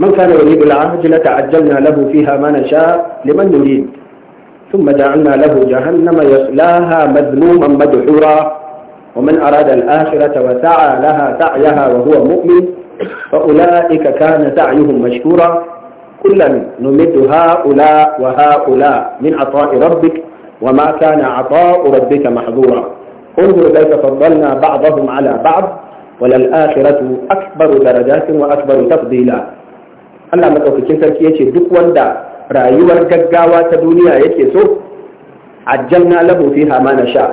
من كان يريد العاجلة لتعجلنا له فيها ما نشاء لمن نريد ثم جعلنا له جهنم يصلاها مذموما مدحورا ومن أراد الآخرة وسعى لها سعيها وهو مؤمن فأولئك كان سعيهم مشكورا كلا نمد هؤلاء وهؤلاء من عطاء ربك وما كان عطاء ربك محظورا انظر كيف فضلنا بعضهم على بعض وللآخرة أكبر درجات وأكبر تفضيلا Allah matsaukakin sarki ya ce duk wanda rayuwar gaggawa ta duniya yake so labo lahu hama na sha.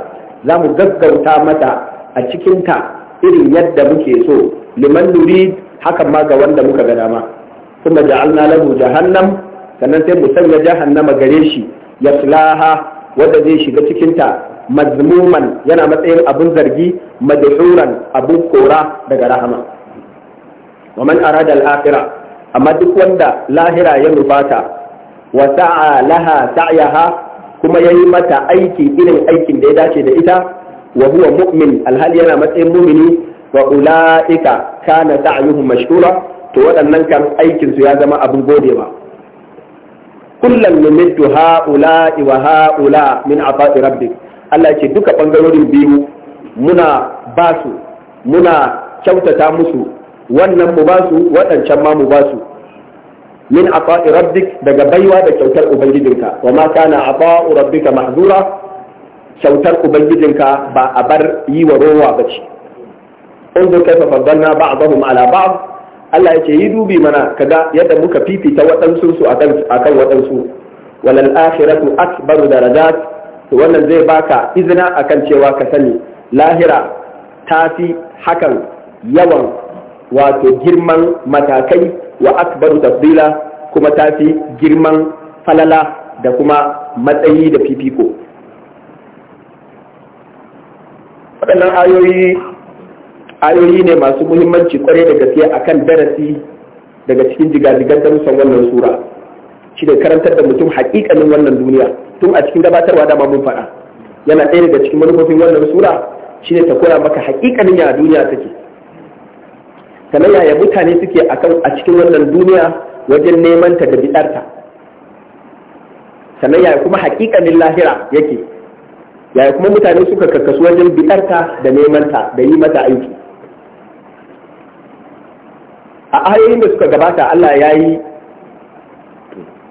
za mu gaggauta mata a cikin ta irin yadda muke so liman nurid hakan ma ga wanda muka ga dama kuma ja'alna lahu jahannam sannan sai mu sanya jahannama gare shi ya yaslaha wanda zai shiga cikin ta mazmuman yana matsayin abun zargi madhuran abun kora daga rahama wa man arada amma duk wanda lahira ya nufata wa sa'a laha sa'yaha kuma yayi mata aiki irin aikin da ya dace da ita wa huwa mu'min alhali yana matsayin mumini wa ula'ika kana sa'yuhum mashkura to waɗannan kan aikin su ya zama abin godewa kullum numiddu ha'ula wa ha'ula min afa'i rabbik Allah ce duka bangarorin biyu muna basu muna kyautata musu wannan mu ba su waɗancan ma mu ba su min ata'i rabbik daga baiwa da kyautar ubangijinka wa ma kana ata'u rabbika mahzura kyautar ubangijinka ba a bar yi wa rowa ba ce unzur kaifa faddalna ba'dahum ala ba'd Allah ce yi dubi mana kaga yadda muka fifita waɗansu su akan waɗansu walal akhiratu akbaru darajat to wannan zai baka izina akan cewa ka sani lahira fi hakan yawan wato girman matakai wa akbaru tafdila kuma ta fi girman falala da kuma matsayi da fifiko waɗannan ayoyi ayoyi ne masu muhimmanci kwarai da gaske akan darasi daga cikin jigajigan darussan wannan sura shi da karantar da mutum haƙiƙanin wannan duniya tun a cikin gabatarwa da mun faɗa yana ɗaya daga cikin manufofin wannan sura shi ne ta koya maka haƙiƙanin ya duniya take kamar yaya mutane suke a cikin wannan duniya wajen neman ta da bidarta sannan yaya kuma hakikanin lahira yake yaya kuma mutane suka karkasu wajen bidarta da neman ta da yi mata aiki a ayoyin da suka gabata Allah ya yi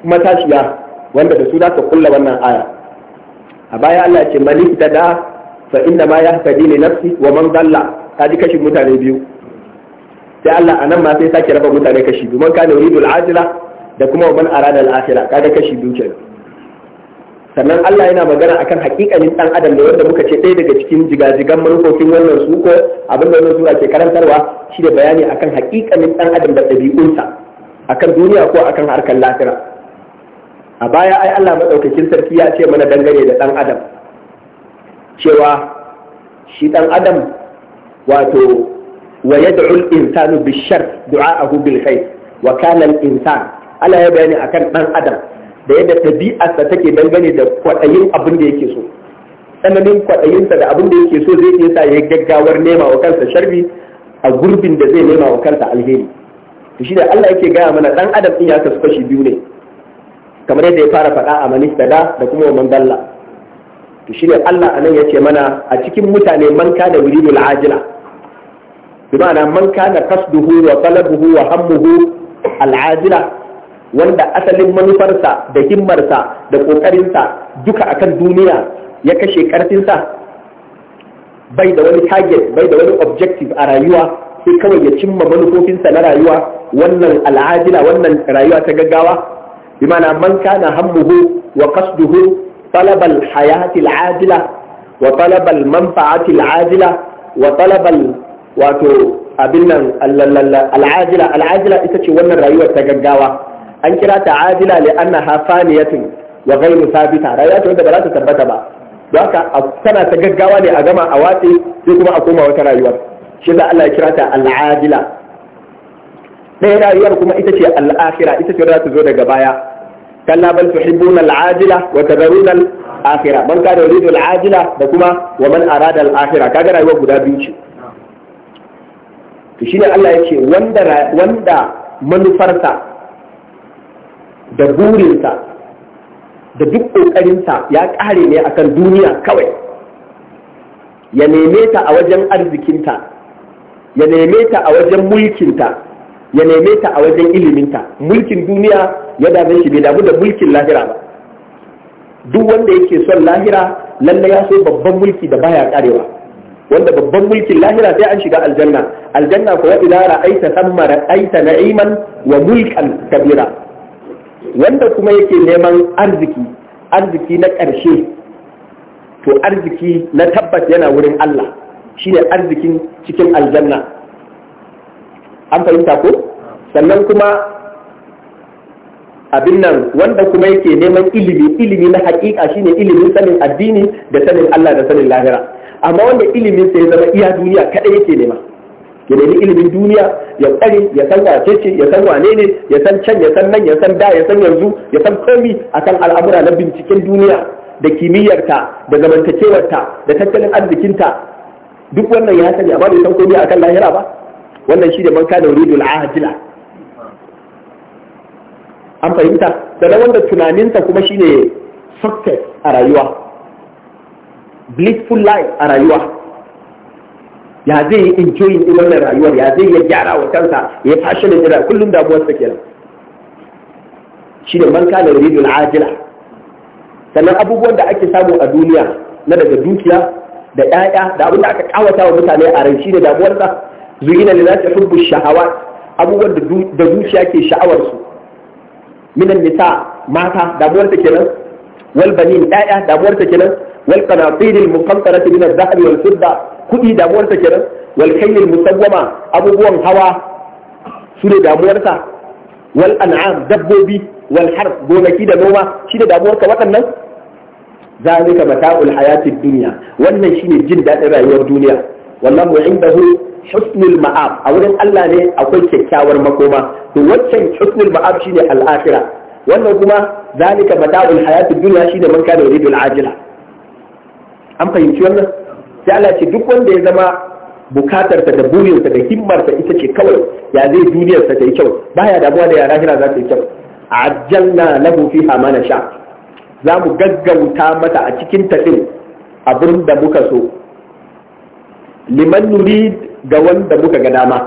matashiya wanda da su za ka kulla wannan aya a baya Allah ce malik da da fa inda ma ya hadi nafsi wa man dalla ta ji kashin mutane biyu sai Allah nan ma sai sake raba mutane kashi biyu man kana yuridu ajila da kuma man arada al-akhirah kaga kashi biyu kenan sannan Allah yana magana akan haƙiƙanin dan adam da wanda muka ce ɗaya daga cikin jigajigan manufofin wannan su ko abin da wannan sura ke karantarwa shi da bayani akan haƙiƙanin dan adam da ɗabi'unsa akan duniya ko akan harkar lafira a baya ai Allah madaukakin sarki ya ce mana dangane da dan adam cewa shi dan adam wato wa yad'u al-insanu bishar du'a'ahu bil khair wa kana al Allah ya bayani akan dan adam da yadda ta take dangane da kwaɗayin abin da yake so tsananin kwaɗayinsa da abin da yake so zai iya sa ya gaggawar nema wa kansa sharri a gurbin da zai nema wa kansa alheri to shi da Allah yake gaya mana dan adam din ya kasu kashi biyu ne kamar yadda ya fara faɗa a manis da kuma wa mandalla to shi ne Allah anan ya ce mana a cikin mutane man wuri yuridul ajila bi ma'ana man kana qasduhu wa wa hammuhu al'ajila wanda asalin manufarsa da himmarsa da ƙoƙarinsa duka akan duniya ya kashe karfinsa bai da wani target bai da wani objective a rayuwa sai kawai ya cimma manufofinsa na rayuwa wannan al'ajila wannan rayuwa ta gaggawa bi ma'ana man kana wa kasduhu, talaba al ajila wa talaba al-manfa'ati al-ajila wa talaba wato abin nan al'ajila al'ajila ita ce wannan rayuwar ta gaggawa an kira ta ajila li annaha faniyatun wa ghayru sabita rayuwa ce wanda ba za ta tabbata ba haka tana ta gaggawa ne a gama a watsi sai kuma a koma wata rayuwar shi da Allah ya kira ta al'ajila ɗaya rayuwar kuma ita ce al'akhira ita ce za ta zo daga baya kalla bal tuhibbuna al'ajila wa tadharuna al'akhira man kana yuridu al'ajila da kuma wa man arada al'akhira kaga rayuwar guda biyu ce to shine Allah ya ce wanda manufarta manufarsa da burinsa da duk ƙoƙarinta ya ƙare ne akan duniya kawai ya neme ta a wajen arzikinta ya neme ta a wajen mulkinta ya neme ta a wajen iliminta mulkin duniya ya dame shi bai damu da mulkin lahira ba duk wanda yake son lahira lalle ya so babban mulki da baya karewa wanda babban mulkin lahira sai an shiga aljanna aljanna kuwa idza ra'aita thamma aita na'iman wa mulkan kabira wanda kuma yake neman arziki arziki na ƙarshe to arziki na tabbas yana wurin Allah shine arzikin cikin aljanna an fahimta ko sannan kuma abin nan wanda kuma yake neman ilimi ilimi na hakika shine ilimin sanin addini da sanin Allah da sanin lahira amma wanda ilimin sa ya zama iya duniya kadai yake nema ya nemi ilimin duniya ya tsare ya san wace ce ya san wane ne ya san can ya san nan ya san da ya san yanzu ya san komi akan al'amura na binciken duniya da kimiyyarta da zamantakewarta da tattalin arzikinta duk wannan ya sani amma bai san a akan lahira ba wannan shi da man kana yuridul ajila an fahimta da wanda tunaninsa kuma shine success a rayuwa blissful life a rayuwa ya zai yi enjoy in wannan rayuwar ya zai ya gyara wa kansa ya fashe da jira kullum da damuwarsa kenan shi da man kana na ajila sannan abubuwan da ake samu a duniya na daga dukiya da 'ya'ya da abin da aka kawata wa mutane a rai shi da damuwarsa zuyina lillahi hubbu shahawat abubuwan da zuciya ke sha'awar su minan nisa mata damuwar ta kenan wal ɗaya 'ya'ya damuwar ta kenan wal qanatir al muqantara min al dhahab wal fidda kudi damuwar sa wal kayl al musawwama abubuwan hawa su ne damuwar wal an'am dabbobi wal harf gonaki da noma shi ne damuwar ka waɗannan zalika mata'ul hayatid dunya wannan shine jin daɗin rayuwar duniya wallahu indahu husnul ma'ab a wurin Allah ne akwai kyakkyawar makoma to waccan husnul ma'ab shine al-akhirah wannan kuma zalika mata'ul hayatid dunya shine man kana yuridu ajila an fahimci wannan sai Allah ce duk wanda ya zama ta da ta da ta ita ce kawai ya zai duniyarsa ta yi kyau baya damuwa da yara hira za ta yi kyau ajalla lahu fiha mana sha. za mu gaggauta mata a cikin taɗin abin da muka so liman nurid ga wanda muka ga dama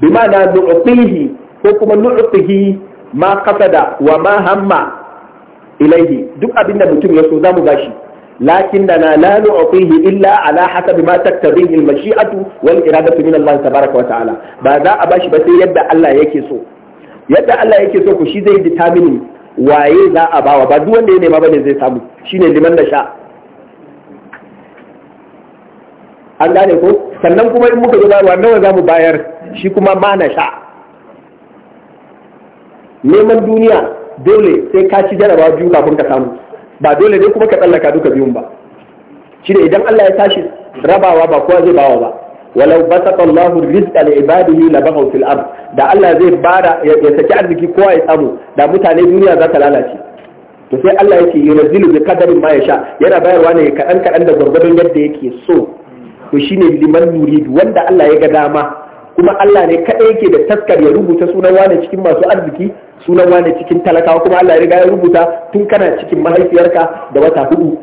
bi ma'ana nu'tihi ko kuma nu'tihi ma qasada wa ma hamma ilaihi duk abinda mutum ya so za mu gashi لكننا لا نعطيه الا على حسب ما تقتضيه المشيئه والاراده من الله تبارك وتعالى بعد اباش بس يدا الله يكسو يدى الله يكسو كشي زي ديتامين waye za a bawa ba duk wanda ya nema bane zai samu shine liman da sha an gane ko sannan kuma in muka zo bayarwa nawa za mu bayar shi kuma ma na sha neman duniya dole sai ka ci jarabawa biyu kafin ka samu ba dole ne kuma ka tsallaka duka biyun ba shi idan Allah ya tashi rabawa ba kowa zai bawa ba walau basata Allahu rizqa li ibadihi la baghaw fil ard da Allah zai bada ya saki arziki kowa ya samu da mutane duniya za ta lalace to sai Allah yake yunzilu bi qadarin ma yasha yana bayarwa ne kadan kadan da gurgurdan yadda yake so to shine liman yurid wanda Allah ya ga dama kuma Allah ne kadai yake da taskar ya rubuta sunan wani cikin masu arziki sunan wane cikin talakawa kuma Allah ya riga ya rubuta tun kana cikin mahaifiyarka da wata hudu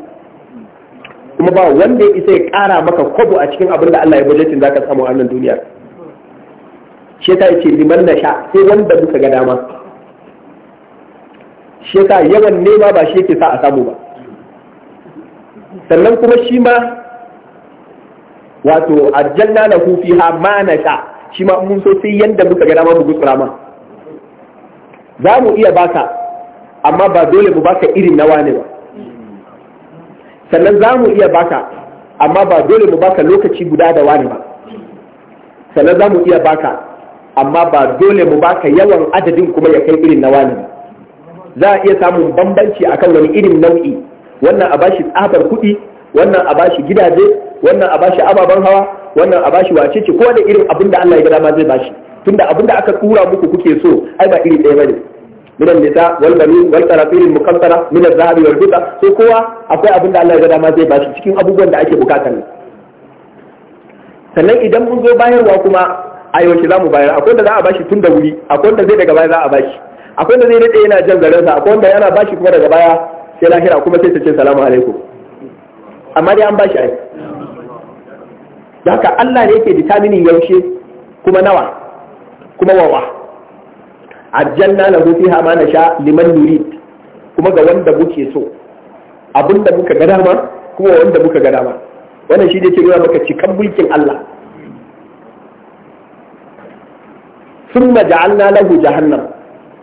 kuma ba wanda ya isa ya kara maka kwabo a cikin abin da Allah ya budgetin zaka samu a wannan duniyar shi ta yace liman nasha sai wanda muka ga dama shi ta yawan nema ba shi yake sa a samu ba sannan kuma shi ma wato aljanna lahu fiha ma nasha shi ma mun so sai yanda muka ga dama mu gutsura ma za mu iya baka amma ba dole mu baka irin na wane ba sannan za mu iya baka amma ba dole mu baka lokaci guda da wane ba sannan za mu iya baka amma ba dole mu baka yawan adadin kuma ya kai irin na wane ba za a iya samun bambanci akan wani irin nau'i wannan a bashi tsabar kuɗi wannan a bashi gidaje wannan a bashi ababen hawa wannan a bashi wacece ko da irin abin da Allah ya ga dama zai bashi tunda abinda aka tura muku kuke so ai ba iri ɗaya bane min al-nisa wal banin wal qarafil muqaddara min al-zahabi wal fidda so kowa akwai abinda Allah ya ga dama zai bashi cikin abubuwan da ake bukata ne sannan idan mun zo bayarwa kuma a yaushe za mu bayar akwai wanda za a bashi tun da wuri akwai wanda zai daga baya za a bashi akwai wanda zai daɗe yana jan garinsa akwai wanda yana bashi kuma daga baya sai lahira kuma sai ta ce salamu alaikum amma dai an bashi ai da haka Allah ne yake determining yaushe kuma nawa kuma wawa ajjalna lahu fiha ma nasha liman nurid kuma ga wanda muke so abinda muka ga dama kuma wanda muka ga dama wannan shi ne ke nuna maka cikan mulkin Allah summa ja'alna lahu jahannam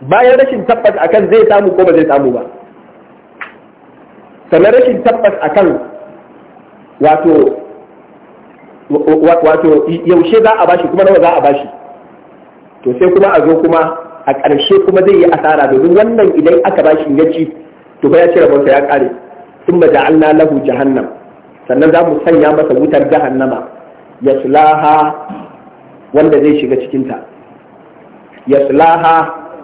bayan rashin tabbas akan zai samu ko ba zai samu ba sannan rashin tabbas akan wato wato yaushe za a bashi kuma nawa za a bashi to sai kuma a zo kuma a ƙarshe kuma zai yi asara domin wannan idan aka ba shi ya ci to ba ya ci rabonsa ya ƙare sun ba ja'alna lahu jahannam sannan za mu sanya masa wutar jahannama ya sulaha wanda zai shiga cikinta ya sulaha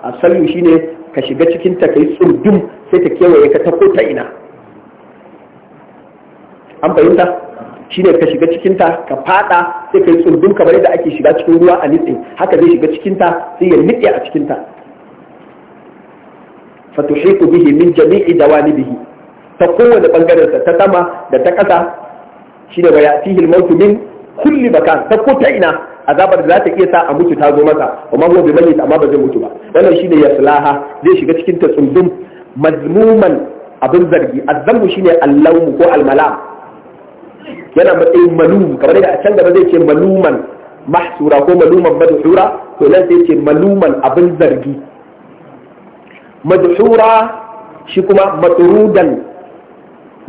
a sallu shi ne ka shiga cikinta ka yi tsundum sai ta kewaye ka ta ko ta ina an fahimta shine ka shiga cikin ta ka fada sai ka yi tsundun kamar yadda ake shiga cikin ruwa a nitse haka zai shiga cikin sai ya nitse a cikin ta fatuhiku bihi min jami'i dawanibihi ta kowane bangaren sa ta sama da ta kasa shine wa yatihil mautu min kulli makan ta ko ta ina azabar da za ta iya sa a mutu ta zo masa amma ba zai amma ba zai mutu ba wannan shine salaha zai shiga cikin ta tsundun mazmuman abin zargi azzamu shine allawmu ko almalam yana matsayin malum kamar da a can gaba zai ce maluman mahsura ko maluman madhura to nan sai ce maluman abin zargi madhura shi kuma matrudan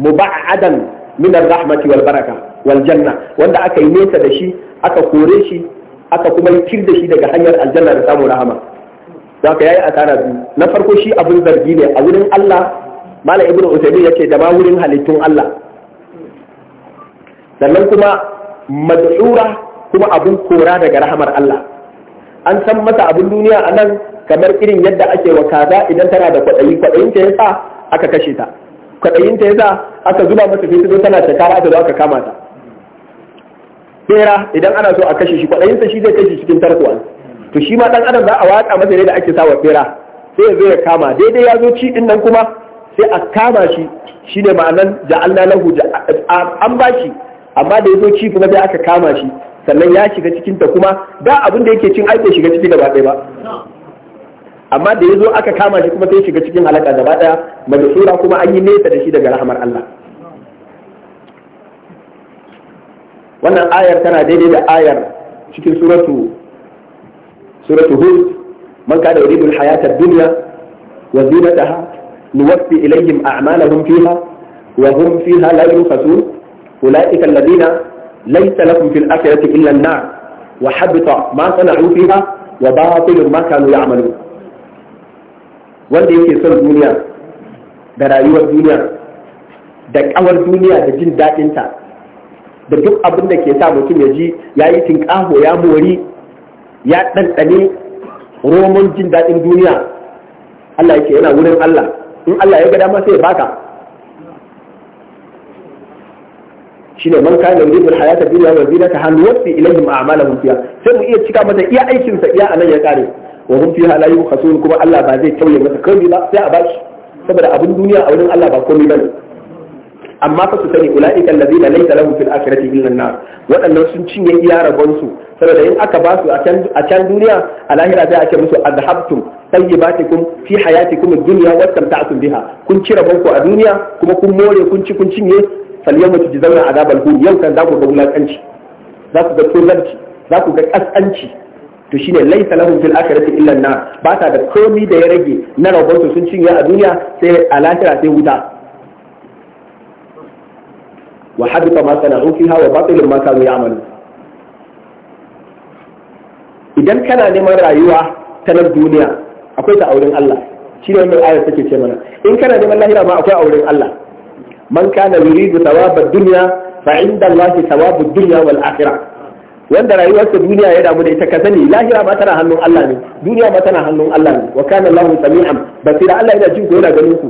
muba'adan min ar-rahmati wal baraka wal janna wanda aka yi nesa da shi aka kore shi aka kuma yi da shi daga hanyar aljanna da samun rahama za ka yayi asara biyu na farko shi abin zargi ne a wurin Allah malam ibnu usaimin yake da ma wurin halittun Allah sannan kuma matsura, kuma abun kora daga rahamar Allah an san masa abin duniya a nan kamar irin yadda ake wa kaza idan tana da kwaɗayi kwaɗayinta ya sa aka kashe ta kwaɗayinta ya sa aka zuba fesu don tana ta aka zo aka kama ta bera idan ana so a kashe shi kwaɗayinsa shi zai kashe cikin tarkuwa to shi ma ɗan adam za a watsa masa ne da ake sa wa bera sai ya zo ya kama daidai ya zo ci ɗin nan kuma sai a kama shi shine ma'anan ja'alna lahu an ba amma da ya zo ci kuma sai aka kama shi sannan ya shiga cikin ta kuma da abin da yake cin ai bai shiga ciki gaba ɗaya ba amma da ya zo aka kama shi kuma sai shiga cikin halaka gaba ɗaya majusura kuma an yi nesa da shi daga rahamar Allah wannan ayar tana daidai da ayar cikin suratu suratu hud man kana yuridu al-hayata ad-dunya wa zinataha nuwaffi ilayhim a'malahum fiha wa hum fiha la أولئك الذين ليس لهم في الآخرة إلا النار وحبط ما صنعوا فيها وباطل ما كانوا يعملون wanda yake son duniya da rayuwar duniya da kawar duniya da jin daɗinta da duk abin da ke sa mutum ya ji ya yi tinƙaho ya mori ya ɗanɗane romon jin daɗin duniya Allah yake yana wurin Allah in Allah ya ga dama sai ya baka shine man kana yuridu al-hayata dunya wa zinata hal yuwaffi ilayhim a'malahum fiha sai mu iya cika masa iya aikin sa iya anan ya kare wa hum fiha la yukhasun kuma Allah ba zai tauye masa kai ba sai a bashi saboda abin duniya a wurin Allah ba komai bane amma fa su sani ulaika alladhina laysa lahum fil akhirati illa an-nar wadannan sun cinye iya rabon su saboda in aka ba su a can duniya a lahira sai a ce musu adhabtum tayyibatikum fi hayatikum ad-dunya wa tamta'tum biha kun ci rabon ku a duniya kuma kun more kun ci kun cinye falyamma a dabal hu yau kan za ku ga wulakanci za ku ga tozarci za ku ga ƙasƙanci, to shine laisa lahum fil akhirati illa na ba ta da komi da ya rage na rabonsu sun cinye a duniya sai a lahira sai wuta wa hadita ma sana'u fiha wa batilun ma kanu ya'malu idan kana neman rayuwa ta nan duniya akwai ta auren Allah shi ne wannan ayar take ce mana in kana neman lahira ma akwai auren Allah man kana yuridu thawabad dunya fa inda Allah thawabud dunya wal akhirah wanda ta duniya ya damu da ita ka sani lahira ba tana hannun Allah ne duniya ba tana hannun Allah ne wa kana Allahu sami'an basira Allah yana jin ku yana ganin ku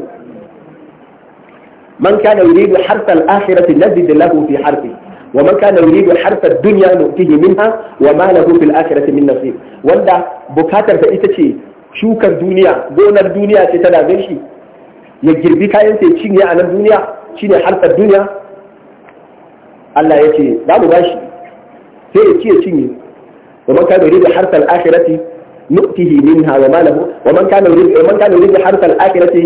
man kana yuridu harsa al-akhirati nazid lahu fi harfi wa man kana yuridu harsa ad-dunya nu'tihi minha wa ma lahu fil akhirati min nasib wanda bukatar ta ita ce shukar duniya gonar duniya ce ta dame shi ya girbi kayan sai cinye a nan duniya ne harkar duniya Allah ya ce za mu bashi sai ya ciye cinye wa man kana yuridu harkar akhirati nu'tihi minha wa ma lahu wa man kana yuridu wa man kana yuridu harkar akhirati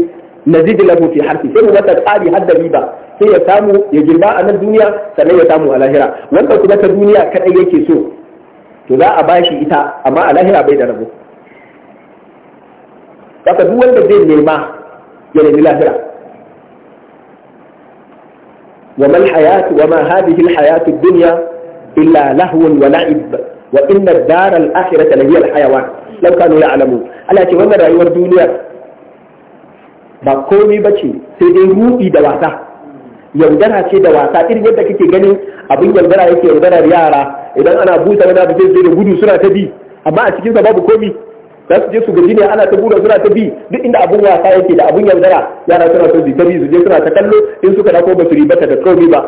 nazid lahu fi harfi sai mu wata tsari har da riba sai ya samu ya girba a nan duniya sannan ya samu a lahira wanda kuma ta duniya kadai yake so to za a bashi ita amma a lahira bai da rabo Saka duk wanda zai nema ya nemi lahira wa mal hayatu wa ma hadhihi al hayatu dunya illa lahwun wa la'ib wa inna ad-dara al akhirata la hiya al hayawan law kanu ya'lamun Allah ce wannan rayuwar duniya ba komai bace sai dai ruɗi da wasa yaudara ce da wasa irin yadda kake ganin abin yaudara yake yaudarar yara idan ana busa wani abu zai da gudu suna ta bi amma a cikinsa babu komi za su je su gaji ne ana ta gura suna ta bi duk inda abun wasa yake da abun yaudara yara suna so su ta bi su je suna ta kallo in suka dako ba su ribata da komai ba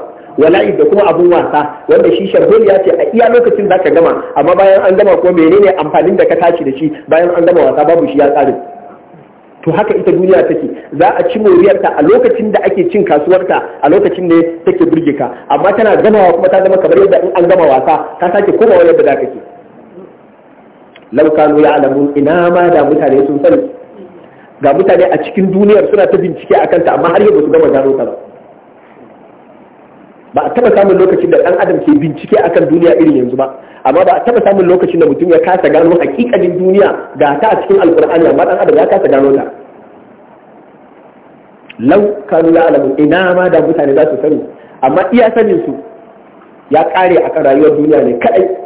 wala'i da kuma abun wasa wanda shi sharhol ya ce a iya lokacin zaka gama amma bayan an gama ko menene amfanin da ka tashi da shi bayan an gama wasa babu shi ya tsari to haka ita duniya take za a ci moriyarta a lokacin da ake cin kasuwarta a lokacin ne take burge ka amma tana gamawa kuma ta zama kamar yadda in an gama wasa ta sake komawa yadda da ke. Laukano kanu alamu ina ma da mutane sun sani ga mutane a cikin duniyar suna ta bincike a kanta amma har yadda su gama gano ta ba ba a taba samun lokacin da dan adam ke bincike akan duniya irin yanzu ba amma ba a taba samun lokacin da mutum ya kasa gano hakikalin duniya ga ta a cikin alkur'ani amma dan adam ya kasa gano ta lau kanu ya alamu ina ma da mutane za su sani amma iya sanin su ya kare akan rayuwar duniya ne kadai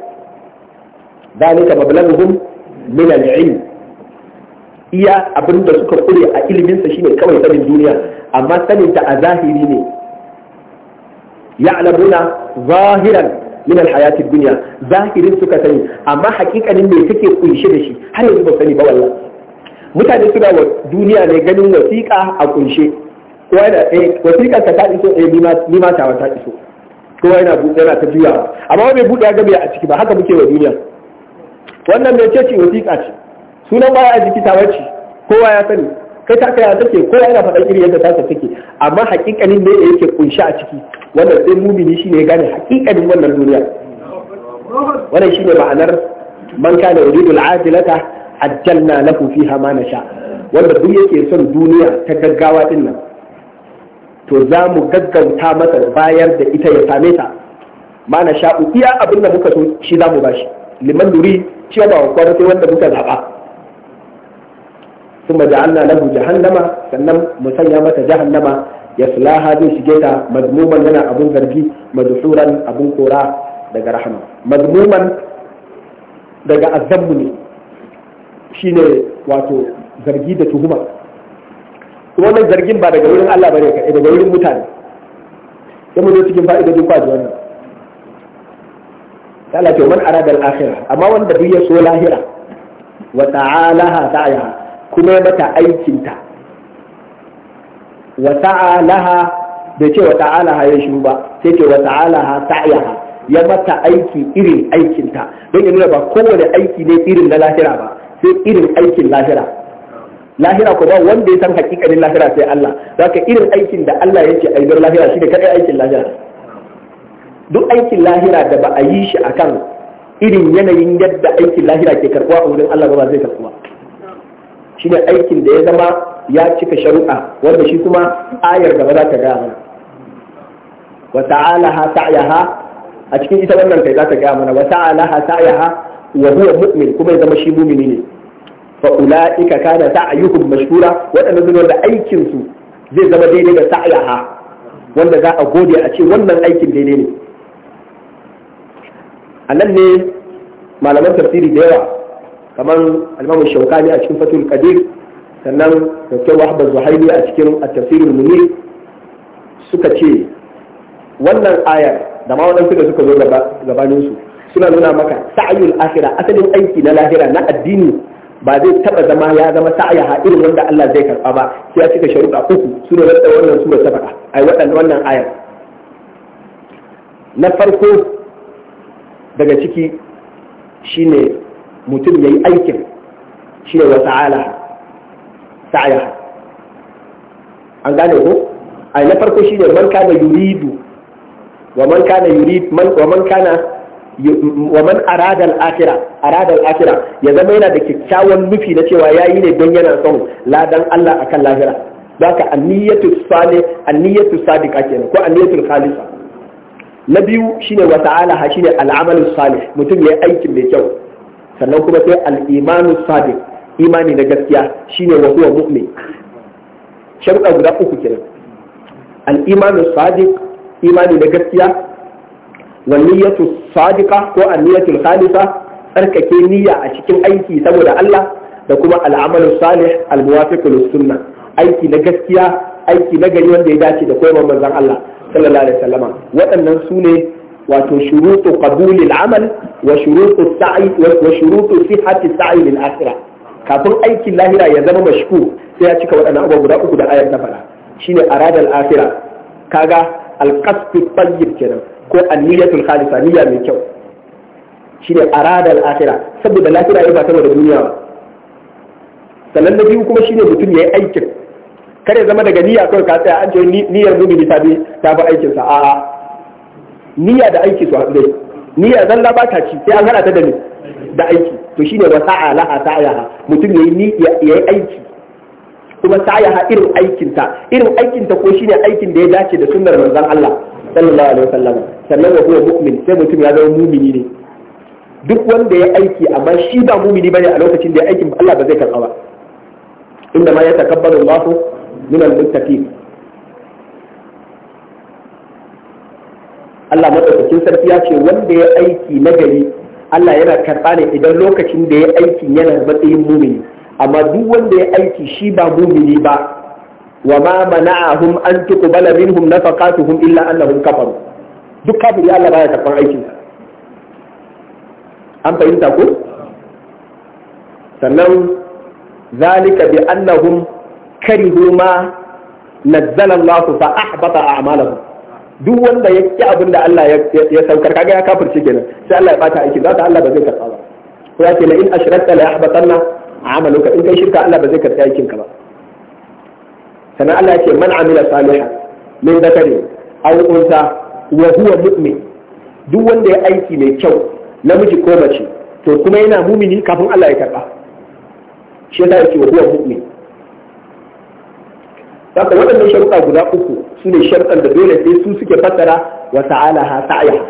zalika mablaghuhum min al-ilm iya abin suka kure a iliminsa shine kawai sanin duniya amma sanin a zahiri ne ya'lamuna zahiran min al-hayati dunya zahirin suka sani amma hakikanin me take kunshe da har yanzu ba sani ba mutane suna wa duniya ne ganin wasiƙa a kunshe kowa yana eh wasiƙar ta iso eh ni ma ta iso kowa yana ta juyawa amma wani buɗe ya ga a ciki ba haka muke wa duniya wannan mai ce ce wasiƙa ce sunan baya a jiki tawa ce kowa ya sani kai ta kai take kowa yana faɗa iri yadda ta take amma haƙiƙanin ne da yake kunshi a ciki wannan sai mumini ne ya gane haƙiƙanin wannan duniya wannan shi ne ma'anar man kana yuridu al'ajilata ajjalna lahu fiha ma nasha wanda duk yake son duniya ta gaggawa din nan to za mu gaggauta masa bayar da ita ya same ta ma na sha'u iya abin da muka so shi za mu bashi liman duri cewa ba kwanar sai wanda muka zaɓa sun ja'alna lahu jahannama sannan mu sanya mata jahannama ya sulaha zai shige ta mazmuman yana abun zargi madhuran abun kora daga rahama mazmuman daga azabbu ne shine wato zargi da tuhuma wannan zargin ba daga wurin Allah bane kai daga wurin mutane sai mu zo cikin fa'idodin kwaji wannan Kala ce man arada al-akhirah amma wanda duk ya so lahira wa ta'alaha sa'aha kuma ya mata aikin ta wa ta'alaha da ce wa ta'alaha ya shi ba sai ce wa ta'alaha sa'aha ya mata aiki irin aikin ta don ya nuna ba kowane aiki ne irin na lahira ba sai irin aikin lahira lahira kuma wanda ya san hakikanin lahira sai Allah zaka irin aikin da Allah yake aibar lahira shi da kadai aikin lahira duk aikin lahira da ba a yi shi akan irin yanayin yadda aikin lahira ke karbuwa a wurin Allah ba zai karbuwa shine aikin da ya zama ya cika shari'a wanda shi kuma ayar da ba za ta gaya mana wa ta'alaha sa'yaha a cikin ita wannan kai za ta gaya mana wa ta'alaha sa'yaha wa huwa mu'min kuma ya zama shi mu'mini ne fa ulaika kana sa'yuhum mashkura wadannan zuwa da aikin su zai zama daidai da sa'yaha wanda za a gode a ce wannan aikin daidai ne a nan ne malaman tafsiri da yawa kamar shauka shaukani a cikin fatul kadir sannan dr wahba zuhaili a cikin tafsirin munir suka ce wannan ayar da ma waɗansu da suka zo gabaninsu suna nuna maka sa'ayul akhira asalin aiki na lahira na addini ba zai taba zama ya zama sa'aya ha irin wanda Allah zai karba ba sai ya cika sharuɗa uku suna ne wannan sura ta faɗa ai waɗannan wannan ayar na farko daga ciki ne mutum yi aikin shi ne wasu ala sa'aya an gane ko A na farko shi man kana yuridu wa man kana yurid wa man kana wa man arada al arada al ya zama yana da kyakkyawan nufi na cewa yayi ne don yana son ladan Allah akan lahira zaka anniyatu salih anniyatu sadiqa kenan ko anniyatu khalisa na biyu shine wa ta'ala ha shine al'amalu salih mutum ya aiki mai kyau sannan kuma sai al'imanu sadiq imani na gaskiya shine wa huwa mu'min sharuɗa guda uku kenan al'imanu sadiq imani na gaskiya wa niyyatu sadiqa ko an-niyatul khalisa tsarkake niyya a cikin aiki saboda Allah da kuma al'amalu salih al-muwafiq sunna aiki na gaskiya aiki na gari wanda ya dace da koyarwar manzon Allah sallallahu alaihi wasallama waɗannan su ne wato shurutu qabulil amal wa shurutu sa'i wa shurutu sihhati kafin aikin lahira ya zama mashku sai ya cika waɗannan abubuwa guda uku da ayar ta fara shine aradal akhirah kaga alqasdu tayyib kenan ko anniyatul khalisa niyya mai kyau shine aradal akhirah saboda lahira ya ba ta da duniya ba sannan kuma shine mutum yi aikin kare zama daga niyya kawai ka tsaya an ce niyyar mumini ta bi ta fi aikin sa a'a niyya da aiki su haɗu niyya zan ba ta ci sai an hada ta da ni da aiki to shine wa sa'a sa'a ha mutum yayi ni aiki kuma ha irin aikin ta irin aikin ta ko shine aikin da ya dace da sunnar manzon Allah sallallahu alaihi wasallam sannan wa huwa mu'min sai mutum ya zama mumini ne duk wanda ya aiki amma shi ba mumini bane a lokacin da ya aikin Allah ba zai karɓa ba inda ma ya takabbalu Allahu min al Allah madaukakin sarki ya ce wanda ya aiki nagari Allah yana karɓa ne idan lokacin da ya aiki yana matsayin mumini amma duk wanda ya aiki shi ba mumini ba wa ma mana'ahum an tuqbala minhum nafaqatuhum illa annahum kafaru duk kafiri Allah baya karɓar aikin an fahimta ko sannan zalika bi annahum karihu ma nazzala Allah fa ahbata a'malahum duk wanda ya ki abinda Allah ya saukar kaga ya kafirce kenan sai Allah ya bata aiki zaka Allah ba zai karba ba ko ya ce la in ashrakta la yahbatanna amaluka in kai shirka Allah ba zai karba aikin ka ba sannan Allah ya ce man amila salihan min dhakari aw unsa wa huwa mu'min duk wanda ya aiki mai kyau namiji ko mace to kuma yana mumini kafin Allah ya karba shi yasa yake wa huwa mu'min Saka waɗannan sharuɗa guda uku su ne sharuɗan da dole sai su suke fassara wa ta'ala ha sa'aya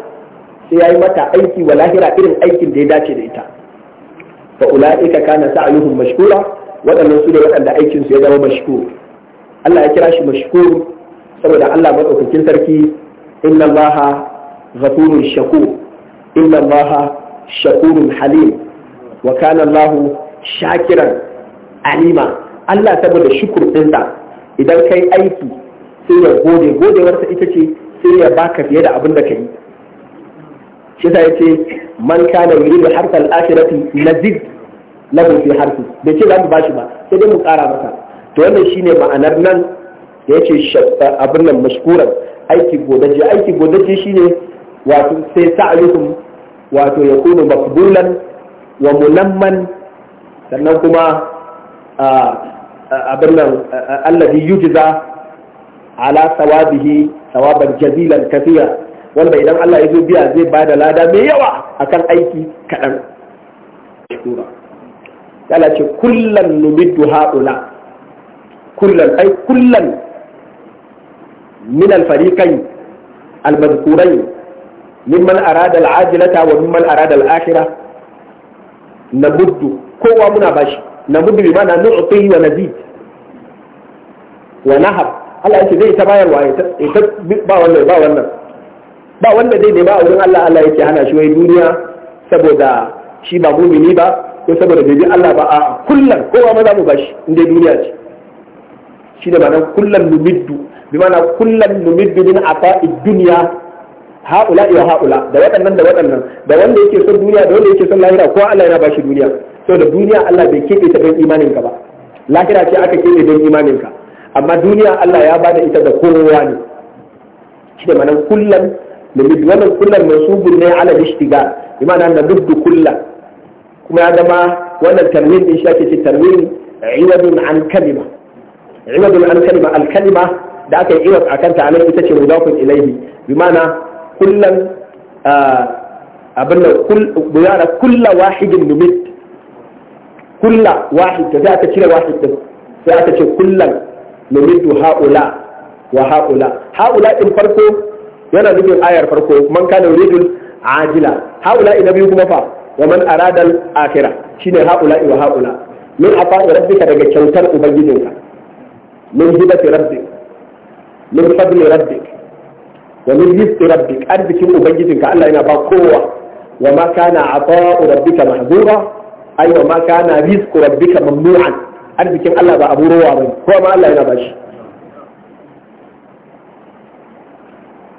sai yayi mata aiki wa lahira irin aikin da ya dace da ita fa ulaika kana sa'yuhum mashkura waɗannan su ne waɗanda aikin su ya zama mashkur Allah ya kira shi mashkur saboda Allah madaukakin sarki inna allaha shaku shakur inna allaha shakurun halim wa kana allahu shakiran alima Allah saboda shukur ɗinsa idan yi aiki sai ya gode godewarsa ita ce sai ya baka fiye da abin da ka yi shi sa ya ce man kana yuridu harfal na nazid lahu fi harfi bai ce za mu bashi ba sai dai mu kara masa to wannan shine ma'anar nan da yace abin nan mashkuran aiki godaje aiki godaje shine wato sai sa'ayukum wato yakunu maqbulan wa munamman sannan kuma abin nan alladhi yujza ala sawabihi sawaban jazilan kafiya wanda idan Allah ya zo biya zai ba da lada mai yawa akan aiki kaɗan shura yana ce kullan numiddu haula kullan ai kullan min alfariqai almadhkurai mimman arada alajilata wa mimman arada alakhirah namuddu kowa muna bashi nabuddu bi mana nu'tihi wa nazid wa nahab Allah yake zai ta bayarwa ba wannan ba wannan ba wanda zai ba a wurin Allah Allah yake hana shi wai duniya saboda shi ba mumini ba ko saboda bai Allah ba a kullum kowa maza mu bashi inda duniya ce shi da ma'anar kullum numiddu bi ma'ana kullum numiddu min afa'i duniya haula ya haula da waɗannan da waɗannan da wanda yake son duniya da wanda son ko Allah duniya so da duniya Allah bai keɓe ta don imanin ka ba lahira ce aka keɓe don imanin ka amma duniya Allah ya bada ita da kowa ne shi da manan kullan da wannan kullan mansubun ne ala ishtigal imana da duk kullan kuma ya zama wannan tarmin din shi ake ce tarmin iwadun an kalima iwadun an kalima al kalima da aka yi iwad akan ta anan ita ce mudafun ilaihi bi ma'ana kullan ah, abin da kullu kullu wahidin numit كل واحد كذا تشير واحد كذا تشير كل نريد هؤلاء وهؤلاء هؤلاء الفرقو فرقوا ينا آية فرقوا من كان يريد عاجلة هؤلاء نبيكم فا ومن أراد الآخرة شين هؤلاء وهؤلاء من أطاع ربك رجع شوتر أبجدك من هبة ربك من فضل ربك ومن رزق ربك أنت شو أبجدك الله إن باقوة وما كان عطاء ربك محظورا aiwa ma kana rizqu rabbika mamnu'an arzikin Allah ba abu rowa ba ko ma Allah yana bashi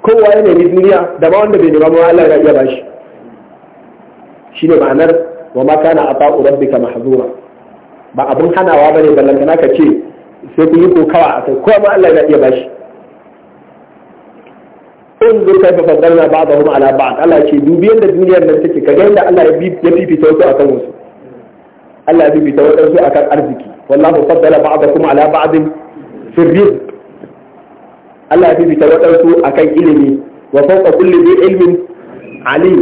kowa ya nemi duniya da ma wanda bai nema ma Allah ya iya bashi shine ma'anar wa ma kana rabbika mahzura ba abun hanawa bane kana ka ce sai ku yi kokawa akai ko ma Allah ya iya bashi Allah ya bibita waɗansu akan arziki wallahu faddala ba'dakum ala ba'din fi rizq Allah ya bibita waɗansu akan ilimi wa fawqa kulli dhi ilmin alim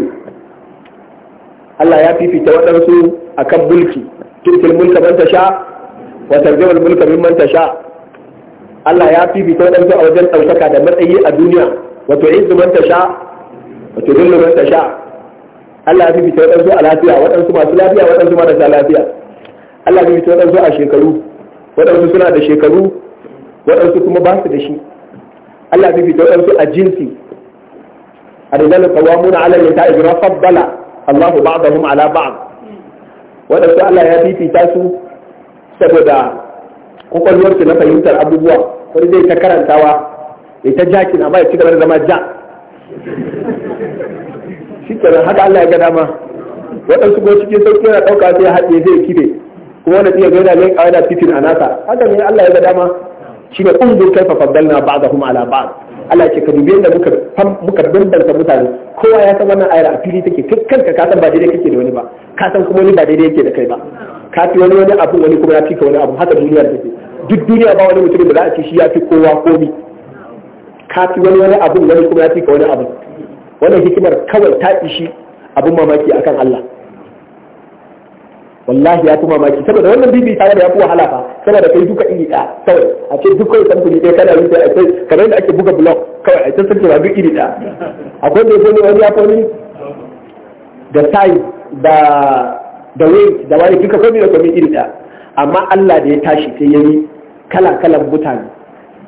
Allah ya fifita waɗansu akan mulki tutil mulka man tasha wa tarjumul mulka mimman tasha Allah ya fifita waɗansu a wajen ɗaukaka da matsayi a duniya wato izu man tasha wato dhillu man tasha Allah ya fifita waɗansu a lafiya waɗansu masu lafiya waɗansu marasa lafiya Allah ya fifita waɗansu a shekaru waɗansu suna da shekaru waɗansu kuma ba su da shi Allah ya fifita waɗansu a jinsi a rijalu qawwamuna 'ala an-nisa'i bima faddala Allahu ba'dahum 'ala ba'd waɗansu Allah ya fifita su saboda su na fahimtar abubuwa wani zai ta karantawa ya ta jakin amma ya ci gaba da zama ja shi haka Allah ya gada ma waɗansu ko cikin sauƙi yana ɗauka sai ya haɗe zai kire kuma wanda iya gaida mai ƙawai da titin a nasa haka ne Allah ya gada ma shi ne ƙungun kaifa ba da kuma ala ba Allah ce ka dubi yadda muka bambanta mutane kowa ya san wannan ayar a fili take kai kanka ka san ba daidai kake da wani ba ka san kuma wani ba daidai yake da kai ba ka fi wani wani abu wani kuma ya fi ka wani abu haka duniyar take duk duniya ba wani mutum da za a ce shi ya fi kowa komi ka fi wani wani abu wani kuma ya fi ka wani abu wannan hikimar kawai ta ishi abin mamaki akan Allah wallahi ya fi mamaki saboda wannan bibi ta da ya fi wahala fa saboda kai duka iri ɗaya kawai a ce duk kawai samfuri ɗaya kana yi sai a ce kamar yadda ake buga blog kawai a ce samfuri duk iri ɗaya akwai da ya wani ya fi wani da sai da da wai da wani duka komi da komi iri ɗaya amma Allah da ya tashi sai ya yi kala-kalan mutane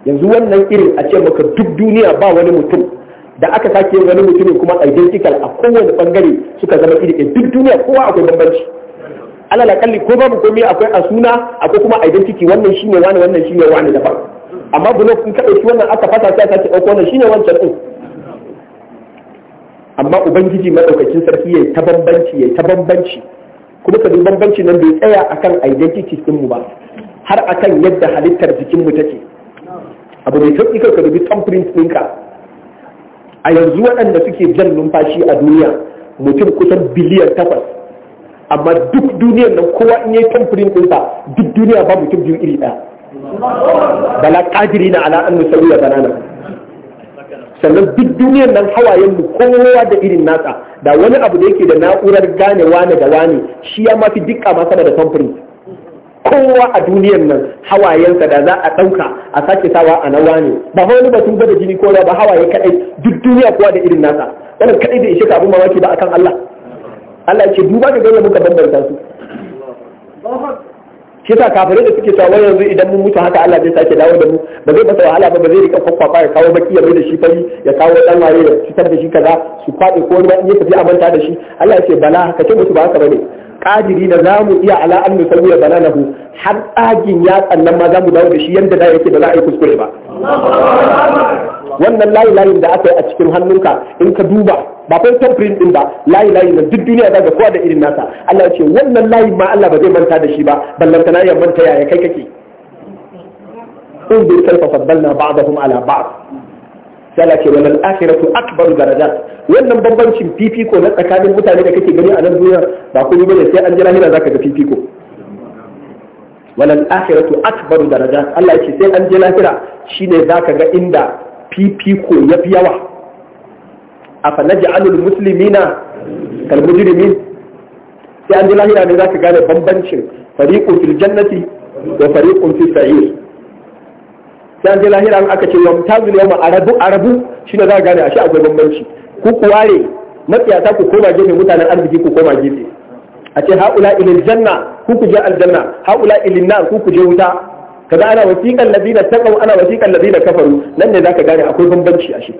yanzu wannan irin a ce maka duk duniya ba wani mutum da aka sake yin wani mutumin kuma identical a kowane bangare suka zama iri ɗaya duk duniya kowa akwai bambanci alal kalli ko babu komai akwai a suna akwai kuma identity wannan shine wani wannan shine wani ba amma bulo in ka shi wannan aka fata sai ka ce ɗauko wannan shine wancan ɗin amma ubangiji madaukakin sarki yayi ta bambanci yayi ta bambanci kuma ka bambanci nan bai tsaya akan identity din mu ba har akan yadda halittar jikin mu take abu mai sauki ka dubi thumbprint ɗinka a yanzu waɗanda suke jan numfashi a duniya mutum kusan biliyan takwas amma duk duniyar nan kowa in yi tamfirin ɗinsa duk duniya ba mutum biyu iri ɗaya bala ƙadiri na ala an ya banana sannan duk duniyar nan hawayen mu kowa da irin nasa da wani abu da yake da na'urar ganewa wane da wane shi ya mafi dukka ma sama da tamfirin kowa a duniyar nan hawayensa da za a ɗauka a sake sawa a nawa ne ba wani batun ba da jini ko ba hawaye kaɗai duk duniya kowa da irin nasa wannan kadai da ishe ka abin mamaki ba akan Allah Allah ce duba ka ganye muka bambanta su shi sa kafirai da suke sawa yanzu idan mun mutu haka Allah zai sake dawo da mu ba zai masa wahala ba ba zai rika kwakwafa ya kawo baki ya mai da shi fari ya kawo dan waye ya fitar da shi kaza su kwaɗe ko wani ya tafi a manta da shi Allah ya ce bala ka ce musu ba haka bane kadiri da za mu iya ala an nusawiya bananahu har ɗakin ya tsannan ma za mu dawo da shi yadda da yake ba za a yi kuskure ba wannan layi layin da aka yi a cikin hannunka in ka duba ba fa tamfirin din ba layi layi da duk duniya za ga kowa da irin nasa Allah ya ce wannan layin ma Allah ba zai manta da shi ba na ya manta yaya kai kake in bai kaifa ba ba'dahum ala ba'd yana ce wannan akhiratu akbar darajat wannan bambancin fifiko na tsakanin mutane da kake gani a nan duniya ba komai bane sai an ji lahira zaka ga fifiko wannan akhiratu akbar darajat Allah ce sai an ji lahira shine zaka ga inda fifiko ya fi yawa afa naj'alul muslimina kal mujrimin sai an ji lahira ne zaka gane bambancin fariqun fil jannati wa fariqun fis sa'ir sai an je lahira an aka ce yau tazul yau arabu arabu shi ne za ka gane a shi akwai bambanci ku kuware matsiyata ku koma gefe mutanen arziki ku koma gefe a ce haula ilil janna ku ku je aljanna haula ilin nar ku ku je wuta kaza ana wasiqal ladina taqaw ana wasiqal ladina kafaru nan ne zaka gane akwai bambanci a shi.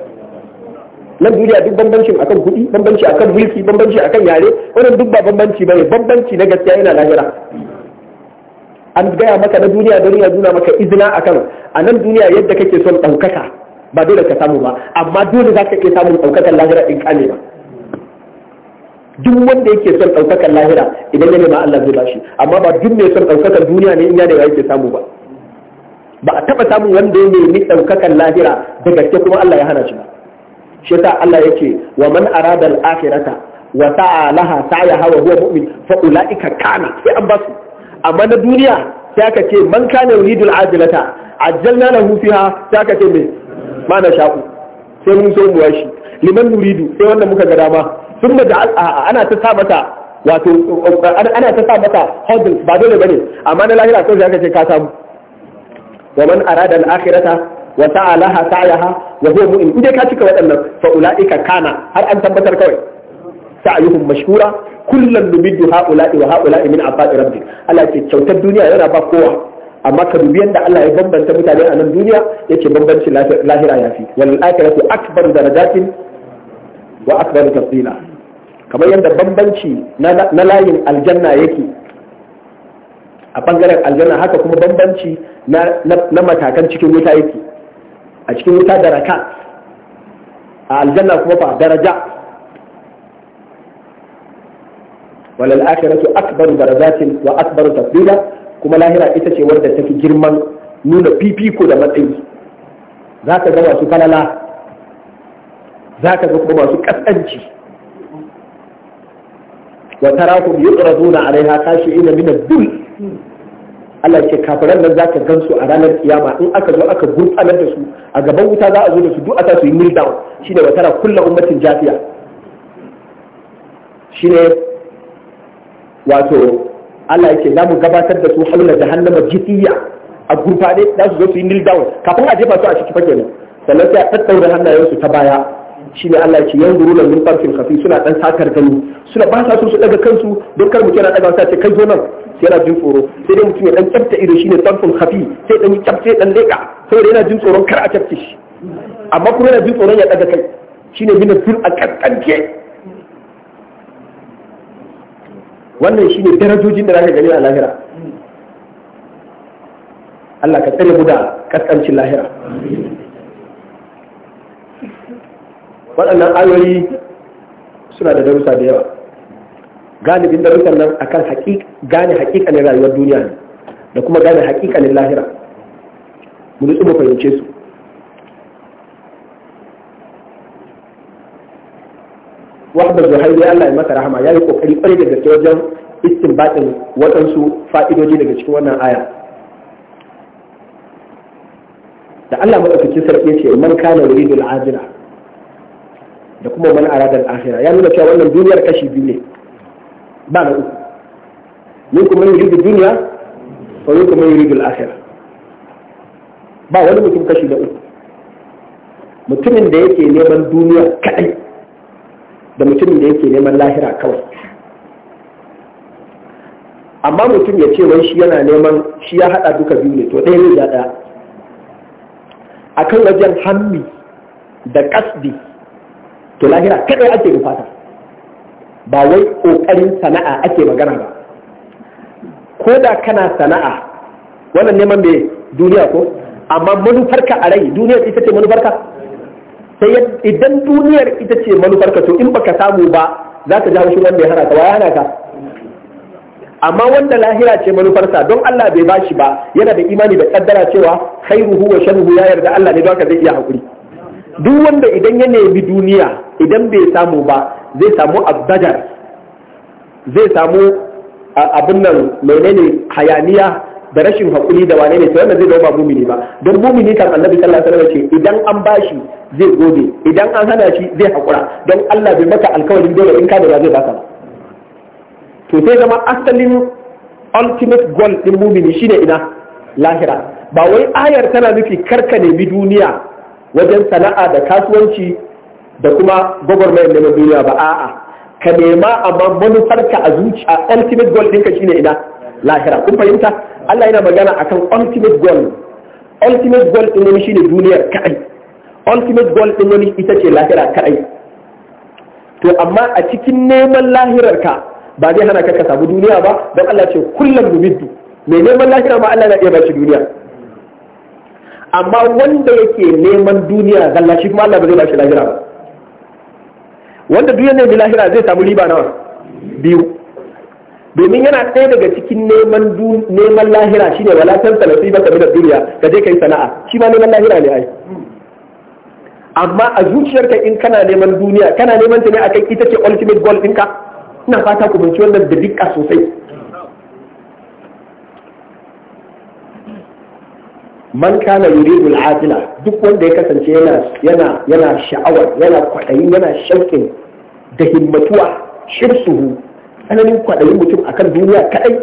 nan duniya duk bambancin akan kuɗi bambanci akan mulki bambanci akan yare wannan duk ba bambanci bane bambanci na gaskiya yana lahira an gaya maka na duniya don ya nuna maka izina akan a nan duniya yadda kake son ɗaukaka ba dole ka samu ba amma dole za ka ke samun ɗaukakan lahira in kane ba duk wanda yake son ɗaukakan lahira idan ya nema Allah zai bashi amma ba duk mai son ɗaukakan duniya ne in ya nema yake samu ba ba a taɓa samun wanda ya nemi ɗaukakan lahira da gaske kuma Allah ya hana shi ba shi yasa Allah yake wa man arada al-akhirata wa sa'a laha sa'yaha wa huwa mu'min fa ulaika kana sai an basu amma na duniya sai aka ce man kana yuridul ajilata ajjalna lahu fiha ta ka ce me mana na sha'u sai mun so mu yashi liman nuridu sai wannan muka ga dama sun da ana ta sa mata wato ana ta sa mata hodin ba dole bane amma na lahira sai ka ce ka samu wa man arada al-akhirata wa ta'alaha sa'yaha wa huwa mu'min idan ka cika waɗannan fa ulaika kana har an tabbatar kawai sa'yuhum mashkura kullum nubiddu ha'ula'i wa ha'ula'i min afadi rabbi Allah ce kyautar duniya yana ba kowa amma ka dubi yadda Allah ya bambanta mutane a nan duniya yake bambanci lahira ya fi wal akhiratu akbar darajatin wa akbar tafdila kamar yadda bambanci na layin aljanna yake a bangaren aljanna haka kuma bambanci na matakan cikin wuta yake a cikin wuta da raka a aljanna kuma ba daraja walal akhiratu akbar darajatin wa akbar tafdila kuma lahira ita ce wadda ta fi girman nuna fifiko da matsayi za ka ga masu falala za ka ga kuma masu kaskanci wa tara ku tarakum yuqraduna alaiha khashi'ina ina ad-dul Allah ce kafiran nan za ka gansu a ranar kiyama in aka zo aka gurfanar da su a gaban wuta za a zo da su duk aka su yi kneel Shi ne wa tara kullu ummatin jafiya Shi ne wato Allah yake za mu gabatar da su da hannama jitiya a ne za su zo su yi kneel down kafin a jefa su a ciki fage ne sannan sai a tattaura hannayen su ta baya shine Allah yake yanzu rulan min farkin kafi suna ɗan sakar gani suna ba sa so su ɗaga kansu don kar mutum yana ɗaga wasa ce kai zo nan sai yana jin tsoro sai dai mutum ya ɗan kyafta ido shine farkin kafi sai ɗan yi kyafta dan leka saboda yana jin tsoron kar a kyafta shi amma kuma yana jin tsoron ya ɗaga kai shine bin fil a kakkance wannan shine darajojin da zaka gani a lahira Allah ka tsare mu da kaskancin lahira waɗannan ayoyi suna da darussa da yawa galibin darussan nan akan gane haƙiƙanin rayuwar duniya da kuma gane haƙiƙanin lahira mu nutsu mu fahimce su wahda zuhairi Allah ya masa rahama yayi kokari kwarai da gaske wajen istinbatin waɗansu fa'idoji daga cikin wannan aya da Allah madaukakin sarki ce man kana yuridul ajira da kuma man arada al-akhirah ya nuna cewa wannan duniyar kashi biyu ne ba na uku minkum man yuridu dunya wa minkum man yuridu al-akhirah ba wani mutum kashi na uku mutumin da yake neman duniya kadai da mutumin da yake neman lahira kawai amma mutum ya ce wai shi yana neman shi ya haɗa duka biyu ne to ɗaya ne ya ɗaya a kan wajen hammi da kasbi to lahira kaɗai ake bukata ba wai ƙoƙarin sana'a ake magana ba ko da kana sana'a wannan neman mai duniya ko amma manufarka a rai duniya ita ce manufarka Sai idan duniyar ita ce manufarka to in baka samu ba za ka ji haushin wanda ya hana ka ya hana ka amma wanda lahira ce manufarsa don Allah bai bashi ba yana da imani da kaddara cewa khairuhu wa sharruhu ya yarda Allah ne don haka zai iya hakuri duk wanda idan ya nemi duniya idan bai samu ba zai samu abdajar zai samu abin nan menene hayaniya da rashin hakuri da wane ne sai wanda zai zama mumini ba don mumini kan annabi sallallahu alaihi wasallam ce idan an bashi zai gode idan an hana shi zai hakura don Allah bai maka alkawarin dole in ka da zai baka ba to sai zama asalin ultimate goal din mumini shine ina lahira ba wai ayar tana nufi karka nemi duniya wajen sana'a da kasuwanci da kuma gwagwarmayar neman duniya ba a'a ka nema amma manufarka a zuciya ultimate goal ɗinka shine ina lahira kun fahimta Allah yana magana akan ultimate goal ultimate goal din wani shine duniyar kadai ultimate goal din wani ita ce lahira kadai to amma a cikin neman lahirar ka ba zai hana ka ka samu duniya ba don Allah ce kullum mumiddu mai neman lahira ma Allah na iya bashi duniya amma wanda yake neman duniya zalla shi kuma Allah ba zai bashi lahira ba wanda duniya ne lahira zai samu riba nawa biyu domin yana ɗaya daga cikin neman neman lahira shine wala tansa nasibaka min da duniya. ka je kai sana'a shi ma neman lahira ne ai amma a zuciyarka in kana neman duniya kana neman ta ne akan ita ce ultimate goal ɗinka ina fata ku binci wannan da dikka sosai man kana yuridu al duk wanda ya kasance yana yana yana sha'awar yana kwaɗayi yana shauƙin da himmatuwa shirsuhu tsananin kwaɗayin mutum a kan duniya kaɗai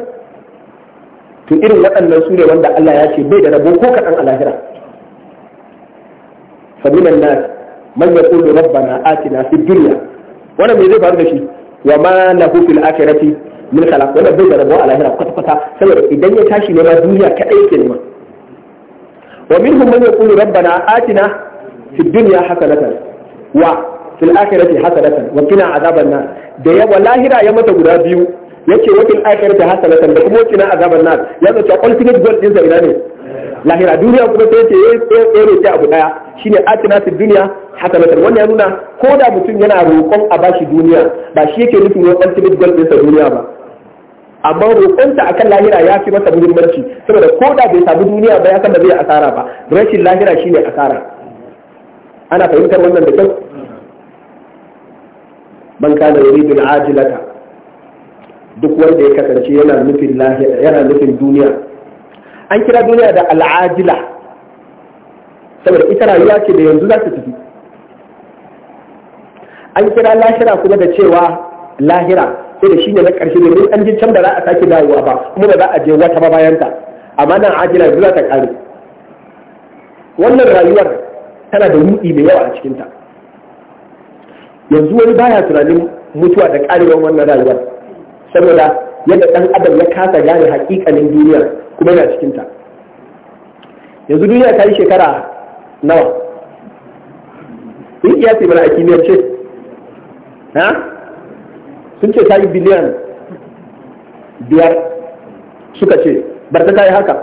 to irin waɗannan su ne wanda Allah ya ce bai da rabo ko kaɗan a lahira faminan nas man rabba na atina fid dunya wannan me zai faru da shi wa ma lahu fil akhirati min khalaq wannan bai da rabo a lahira kwata kwata saboda idan ya tashi nema duniya kaɗai yake nema wa minhum man rabba na atina fid dunya hasanatan wa fil akhirati hasanatan wa qina azaban nar da ya lahira ya mata guda biyu yace wa fil akhirati hasanatan da kuma qina azaban nar ya zo ta ultimate goal din sa ina ne lahira duniya kuma sai ce ya ta abu daya shine atina fid dunya hasanatan wannan ya nuna ko da mutum yana roƙon a bashi duniya ba shi yake nufin wani ultimate goal din sa duniya ba amma roƙonta akan lahira ya fi masa muhimmanci saboda ko da bai samu duniya ba ya san ba zai asara ba rashin lahira shine asara ana fahimtar wannan da kyau man kana yuridu al-ajilata duk wanda ya kasance yana nufin lahira yana nufin duniya an kira duniya da al'ajila saboda ita rayuwa ce da yanzu za ta tafi an kira lahira kuma da cewa lahira sai da shi ne na ƙarshe domin an ji can da za a sake dawowa ba kuma da za a je wata ba bayanta amma nan ajila yanzu za ta ƙare wannan rayuwar tana da ruɗi mai yawa a cikinta yanzu wani baya tunanin mutuwa da karewar wannan rayuwar saboda yadda ɗan adam ya kasa gane hakikalin duniyar kuma yana cikinta yanzu duniya ta yi shekara nawa sun iya ce mana a kimiyyar ce ha sun ce ta yi biliyan biyar suka ce bar ta yi haka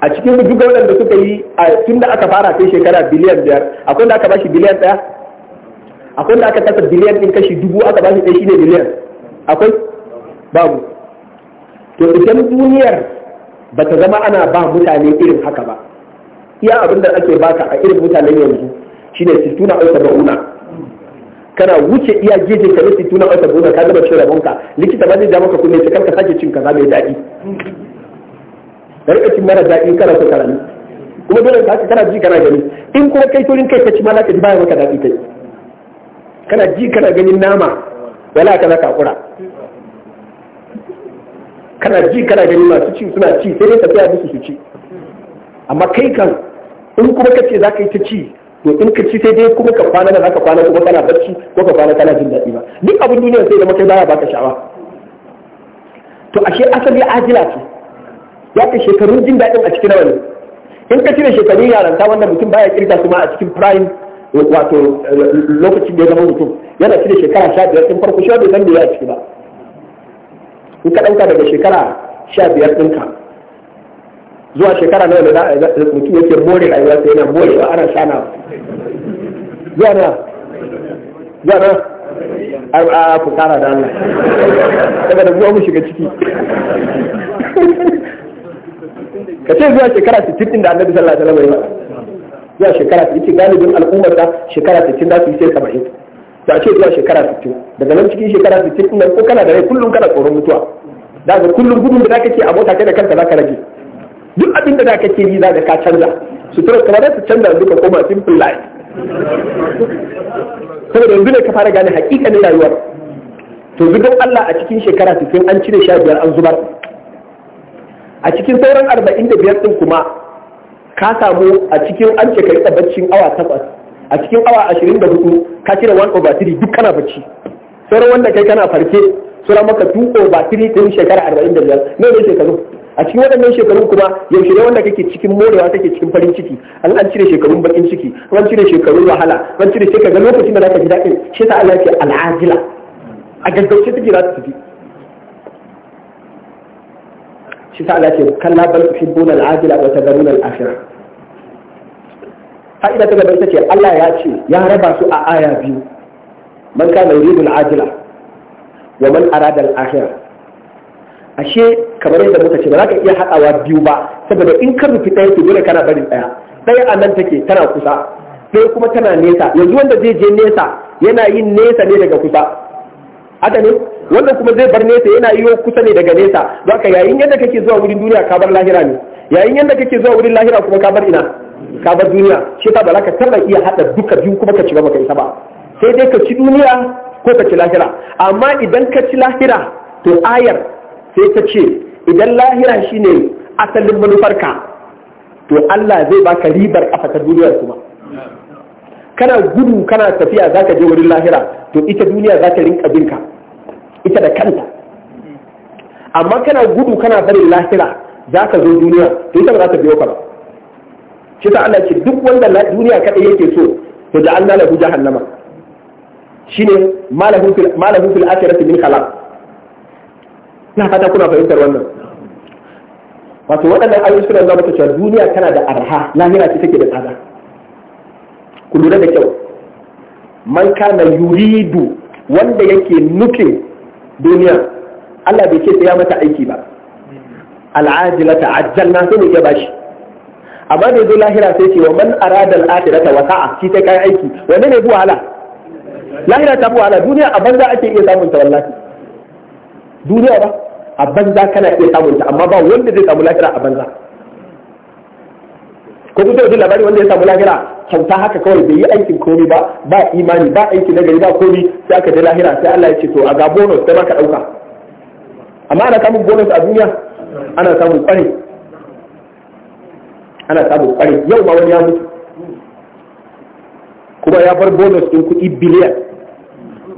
a cikin duk waɗanda suka yi a tun da aka fara kai shekara biliyan biyar akwai da aka bashi biliyan ɗaya akwai da aka kasa biliyan din kashi dubu aka ba shi ɗaya shine biliyan akwai babu to idan duniyar ba ta zama ana ba mutane irin haka ba iya abin da ake baka a irin mutanen yanzu shine sittuna ba una kana wuce iya gejin ka ne sittuna ba una ka gaba cin rabonka likita ba zai ja maka kunne ka sake cin kaza mai daɗi rika cin mara daɗi kana so karami kuma dole ka kana ji kana gani in kuma kai turin kai ka ci ma za ka ji baya maka daɗi kai kana ji kana ganin nama wala ka na kakura kana ji kana ganin masu ci suna ci sai dai tafiya musu su ci amma kai kan in kuma ka ce za ka yi ta ci to in ka ci sai dai kuma ka kwana da za ka kwana kuma kana barci ko ka kwana kana jin daɗi ba duk abin duniya sai da makai baya baka sha'awa to ashe asali ajila ce ya ka shekarun jin daɗin a cikin wani in ka cire shekarun yaranta wannan mutum baya kirga su ma a cikin prime wato lokacin da ya zama mutum yana cire shekara sha biyar ɗin farko sha bai san da ya ciki ba in ka ɗauka daga shekara sha biyar ɗinka zuwa shekara nawa da mutum yake more rayuwa sai yana more ba ana shana zuwa na zuwa na a ku kara da Allah daga da zuwa mu shiga ciki ka ce zuwa shekara 60 da annabi sallallahu alaihi wasallam zuwa shekara ta ce galibin al'ummar ta shekara 60 za su yi sai saba'in to a ce zuwa shekara 60 daga nan cikin shekara 60 nan ko kana da rai kullum kana tsoron mutuwa da ga kullum gudun da kake a mota kai da kanka zaka rage duk abin da kake yi za ka canza sutura kuma za su canza yanzu ka koma simple life saboda yanzu ne ka fara gane hakikanin rayuwar to zugan Allah a cikin shekara 60 an cire biyar an zubar a cikin sauran arba'in biyar ɗin kuma ka samu a cikin an ce ka rika baccin awa takwas a cikin awa ashirin da hudu ka cire one over three duk kana bacci sauran wanda kai kana farke sura maka two over three shekara arba'in da biyar ne ne shekaru a cikin waɗannan shekarun kuma yaushe ne wanda kake cikin morewa kake cikin farin ciki an an cire shekarun bakin ciki an cire shekarun wahala an cire shekarun lokacin da zaka ji daɗin shi ta Allah ce al'ajila a gaggauce take za ta tafi shi sa Allah ce kalla bal tuhibbuna al-ajila wa tadharuna al-akhirah fa'ida ta gaba ita ce Allah ya ce ya raba su a aya biyu man kana yuridu al-ajila wa man arada al-akhirah ashe kamar yadda muka ce ba za ka iya haɗawa biyu ba saboda in ka rufi ɗaya to dole kana bari ɗaya ɗaya a nan take tana kusa ɗaya kuma tana nesa yanzu wanda zai je nesa yana yin nesa ne daga kusa haka ne wannan kuma zai bar nesa yana yiwo kusa ne daga nesa don haka yayin yadda kake zuwa wurin duniya ka bar lahira ne yayin yadda kake zuwa wurin lahira kuma ka bar ina ka bar duniya shi ta ba ka iya hada duka biyu kuma ka ci gaba kai ba sai dai ka ci duniya ko ka ci lahira amma idan ka ci lahira to ayar sai ta ce idan lahira shine asalin manufarka to Allah zai baka ribar kafa ta duniyar kuma kana gudu kana tafiya zaka je wurin lahira to ita duniya zaka rinka binka ita da kanta amma kana gudu kana bari lahira za ka zo duniya to ita ba za ta biyo ka ba shi ta Allah ce duk wanda duniya kadai yake so to da Allah lahu jahannama shine malahu fil malahu fil akhirati min khalaq na fata kuna fahimtar wannan wato waɗannan ayoyi suna zama ta cewa duniya tana da arha lahira ce take da tsada ku lura da kyau man kana yuridu wanda yake nufin Duniya Allah bai ce ya mata aiki ba al'ajilata ajjalna sai ne ya bashi amma da zo lahira sai ce wa man arada al'akhirata wa sa'a shi sai kai aiki wanne ne buwa ala lahira ta buwa ala duniya a banza ake iya samun ta wallahi duniya ba a banza kana iya samun ta amma ba wanda zai samu lahira a banza ko kuka yi labari wanda ya samu lahira kyauta haka kawai bai yi aikin komai ba ba imani ba aiki na gari ba komai sai aka je lahira sai Allah ya ce to a ga bonus sai maka dauka amma ana samun bonus a duniya ana samun kware ana samun kware yau ba wani ya mutu kuma ya bar bonus din kuɗi biliyan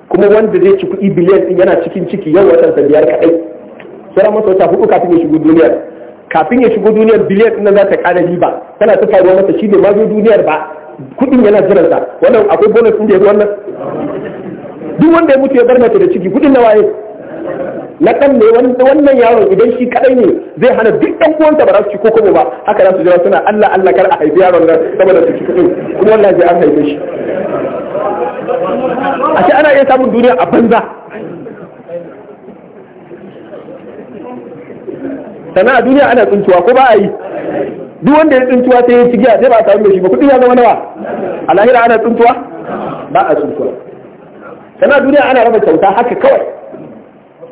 kuma wanda zai ci kuɗi biliyan din yana cikin ciki yau watan sa biyar kaɗai sauran masa wata hudu kafin ya shigo duniyar kafin ya shigo duniyar biliyan ɗin za ta ƙara riba tana ta faruwa masa shi ne ma zo duniyar ba kudin yana sa wannan akwai bonus din da wannan duk wanda ya mutu ya bar mata da ciki kudin na waye na kan ne wannan yaron idan shi kadai ne zai hana duk ɗan uwanta ba za su ci ko kuma ba haka za su jira suna Allah Allah kar a haifi yaron nan saboda su ci kudin kuma wallahi zai an haife shi a ce ana iya samun duniya a banza sana'a duniya ana tsuntuwa ko ba a yi duk wanda ya tsuntuwa sai ya ci giya sai ba a samu mai shi ba kuɗi ya zama nawa a lahira ana tsuntuwa ba a tsuntuwa sana duniya ana raba kyauta haka kawai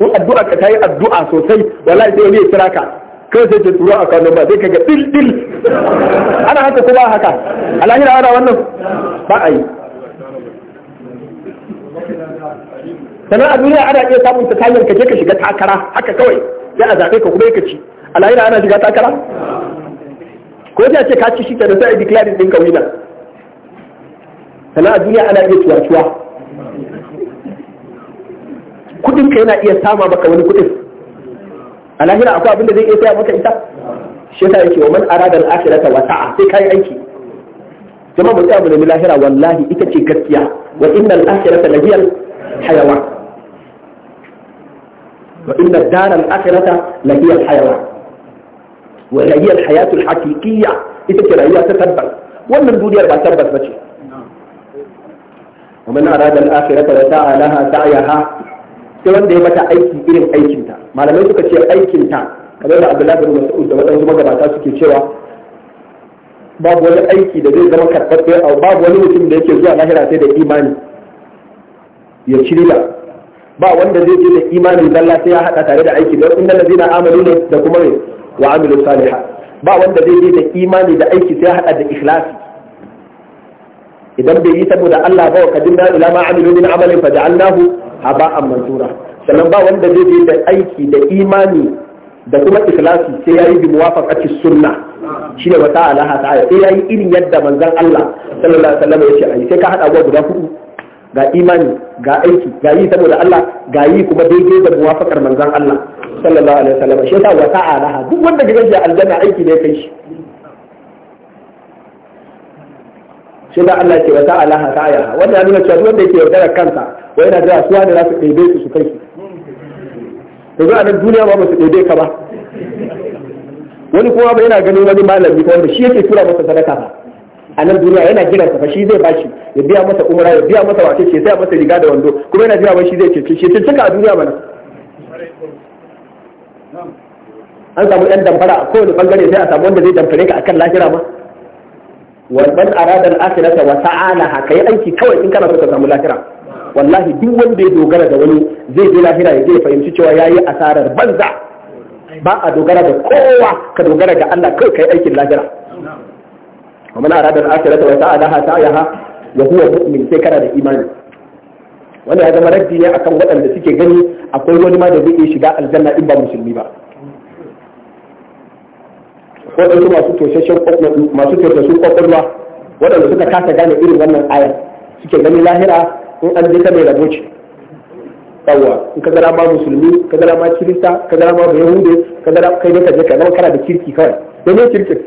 in addu'a ka ta yi addu'a sosai wallahi sai wani ya kira ka kawai sai ke turo a kwanon ba sai ka ga dil dil ana haka ko ba haka a lahira ana wannan ba a yi sana a duniya ana iya samun ta hanyar ka je ka shiga takara haka kawai sai a zaɓe ka kuma ka ci a lahira ana shiga takara ko da ce ka ci shi kenan sai a declaring din ka winner sana'a duniya ana iya cuwa-cuwa kudin ka yana iya sama baka wani kudin a lahira akwai abin da zai iya saya maka ita shi ta yake wa man arada al-akhirata wa sa'a sai kai aiki jama mu tsaya mu nemi lahira wallahi ita ce gaskiya wa innal akhirata lahiyal hayawan wa inna ad akhirata lahiyal hayawan wa hiya al-hayatul haqiqiyya ita ce rayuwa ta tabbas wannan duniyar ba tabbas bace ce man arada al-akhirata wa sa'a laha sa'yaha sai wanda ya mata aiki irin aikinta malamai suka ce aikinta kamar da Abdullahi bin Mas'ud da waɗansu magabata suke cewa babu wani aiki da zai zama karɓaɓɓe a babu wani mutum da yake zuwa lahira sai da imani ya ci ba wanda zai je da imanin zalla sai ya haɗa tare da aiki don inda lazina amalu ne da kuma ne wa amilu salihat ba wanda zai yi da imani da aiki sai hada da ikhlasi idan bai yi saboda Allah ba wa kadinna ila ma amilu min amalin fa ja'alnahu haba'an mansura sannan ba wanda zai yi da aiki da imani da kuma ikhlasi sai yayi bi muwafaqati sunna shine wa ta'ala ha ta'ala sai yayi irin yadda manzon Allah sallallahu alaihi wasallam ya ce ai sai ka hada guda hudu ga imani ga aiki ga yi saboda Allah ga yi kuma daidai da muwafaqar manzon Allah sallallahu alaihi wasallam shi yasa wata'a laha duk wanda ga shi aljanna aiki ne kai shi shi da Allah ce wata'a laha ta'aya wanda ya nuna cewa duk wanda yake yaudara kansa wa yana da suwa da za su ɗebe su su kai shi to a nan duniya ba ba su ɗebe ka ba wani kuma ba yana ganin wani malami ko wanda shi yake tura masa sadaka ba a nan duniya yana jiran sa fa shi zai bashi ya biya masa umra ya biya masa wace ce sai a masa riga da wando kuma yana biya wai shi zai cece shi cin a duniya bana an samu yan damfara a kowane bangare sai a samu wanda zai damfare ka akan lahira ma wannan arada al-akhirata wa haka yi aiki kawai in kana so ka samu lahira wallahi duk wanda ya dogara da wani zai je lahira ya je fahimci cewa yayi asarar banza ba a dogara da kowa ka dogara ga Allah kai kai aikin lahira wa man arada al-akhirata wa sa'alaha sa'yaha wa huwa mu'min sai kana da imani wanda ya zama raddi ne akan waɗanda suke gani akwai wani ma da zai iya shiga aljanna in ba musulmi ba waɗansu masu toshashen masu toshashen ƙwaƙwalwa waɗanda suka kasa gane irin wannan ayar suke gani lahira in an je ta mai rabo ce yawwa in ka gara ma musulmi ka gara ma kirista ka gara ma bayahude ka gara kai ne ka je ka zama kana da kirki kawai don ne kirkin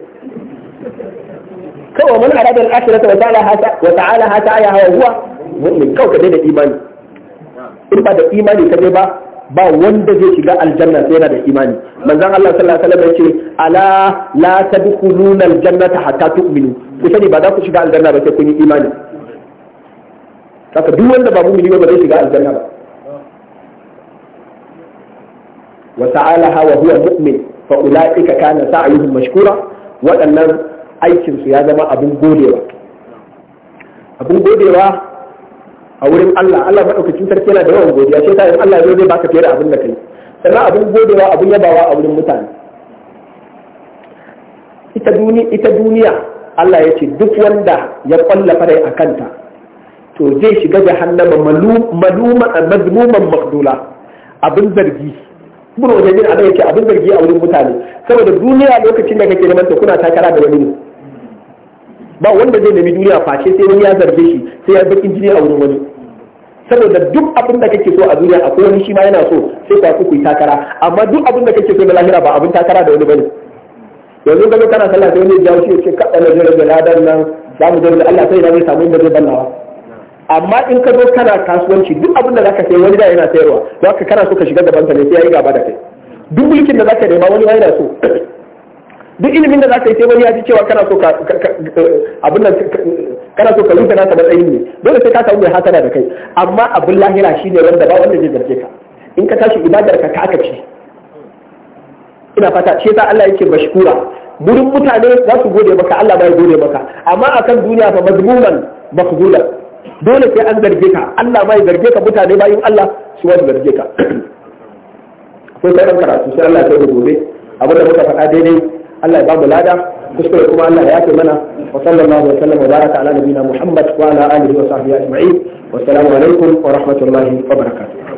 kawai mun arada al-akhirata wa ta'ala hasa wa ta'ala hasa aya hawa huwa mu'min kawai ka da imani in ba da imani ka dai ba ba wanda zai shiga aljanna sai yana da imani manzon Allah sallallahu alaihi wasallam yace ala la tadkhuluna aljannata hatta tu'minu ku sani ba za ku shiga aljanna ba sai kun yi imani haka duk wanda ba mu'mini ba zai shiga aljanna ba wa ta'ala wa huwa mu'min fa ulaika kana sa'yuhum mashkura waɗannan aikinsu ya zama abin godewa abin godewa a wurin Allah Allah maɗaukacin sarki yana da yawan godiya shi yasa Allah zai baka fiye da abin da kai sannan abin godewa abin yabawa a wurin mutane ita duniya ita duniya Allah ya ce duk wanda ya kwalla farai a kanta to zai shiga jahannama mazmuman makdula abin zargi ibn wajen abin ce abin zargi a wurin mutane saboda duniya lokacin da kake neman ta kuna takara da wani ne ba wanda zai nemi duniya face sai wani ya zarge shi sai ya bakin jini a wurin wani saboda duk abin da kake so a duniya akwai wani shi ma yana so sai ku ku yi takara amma duk abin da kake so na lahira ba abin takara da wani bane yanzu ga kana sallah sai wani ya jawo shi ya ce kaɗa na jirage ladan nan za mu jirage Allah sai na zai samu inda zai ballawa amma in ka zo kana kasuwanci duk abinda da zaka sayi wani da yana sayarwa zaka kana so ka shiga gaban ka ne sai ya yi gaba da kai duk mulkin da zaka nema wani ma yana so duk ilimin da za ka yi sai wani ya ji cewa kana so ka abin nan kana so ka rufe matsayin ne dole sai ka samu mai hasara da kai amma abin lahira shine wanda ba wanda zai zarge ka in ka tashi ibadar ka ka aka ce ina fata ce za Allah yake bashkura burin mutane za su gode maka Allah ba ya gode maka amma akan duniya fa mazmuman mafzulan dole sai an zarge ka Allah ba ya zarge ka mutane ba yin Allah su wani zarge ka sai sai karatu sai Allah ya gobe abin da muka faɗa daidai Allah ya ba mu lada kuskure kuma Allah ya yafe mana wa sallallahu wa wa baraka ala nabiyina Muhammad wa ala alihi wa sahbihi ajma'in wa assalamu alaikum wa rahmatullahi wa barakatuh